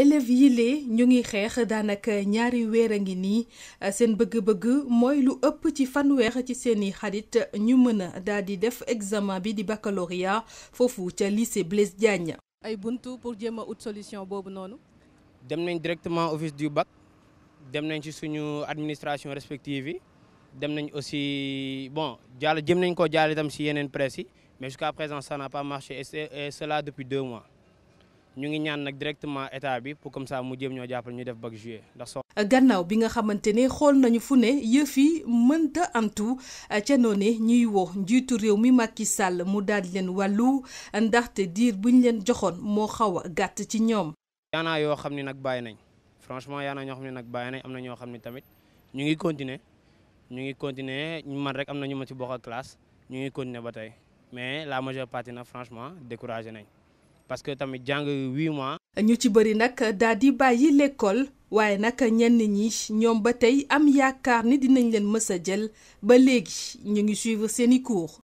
élèves yi lee ñu ngi xeex daanaka ñaari weer a ngi nii seen bëgg-bëgg mooy lu ëpp ci fanweer ci seeni xarit ñu mën a daal di def examen bi di baccalauréat foofu ca lycée Blaise Diagne. ay buntu pour jéem a ut solution boobu noonu. dem nañ directement office du bac dem nañ ci suñu administration respective yi dem nañ aussi bon jàll jëm nañ koo jàll itam si yeneen presse yi mais jusqu'à présent ça n'a pas marché et cela depuis deux mois. ñu ngi ñaan nag directement état bi pour comme ça mu jéem ñoo jàppale ñu def bac juillet ndax so gannaaw bi nga xamante ne xool nañu fu ne yëf yi mënta antu ca noone ñuy woo njiitu réew mi Macky Sall mu daal leen wàllu ndaxte diir buñ leen joxoon moo xaw a gàtt ci ñoom. yaanaa yoo xam ne nag bàyyi nañ franchement naa ñoo xam ne nag bàyyi nañ am na ñoo xam ne tamit ñu ngi continuer ñu ngi continuer man rek am na ñu ma ci bokk classe ñu ngi continuer ba tey mais la majeure partie nag franchement découragé nañ. parce que tamit jàng huit mois. ñu ci bëri nag daal di bàyyi lekkool waaye nag ñenn ñi ñoom ba tey am yaakaar ni dinañ leen mës a jël ba léegi ñu ngi suivre seeni cours.